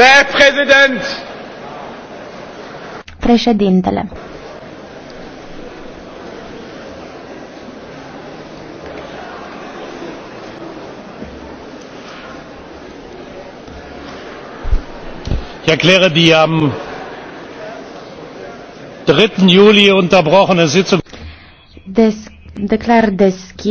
Der Präsident! Președintele. Ich erkläre die am 3. Juli unterbrochene Sitzung. Des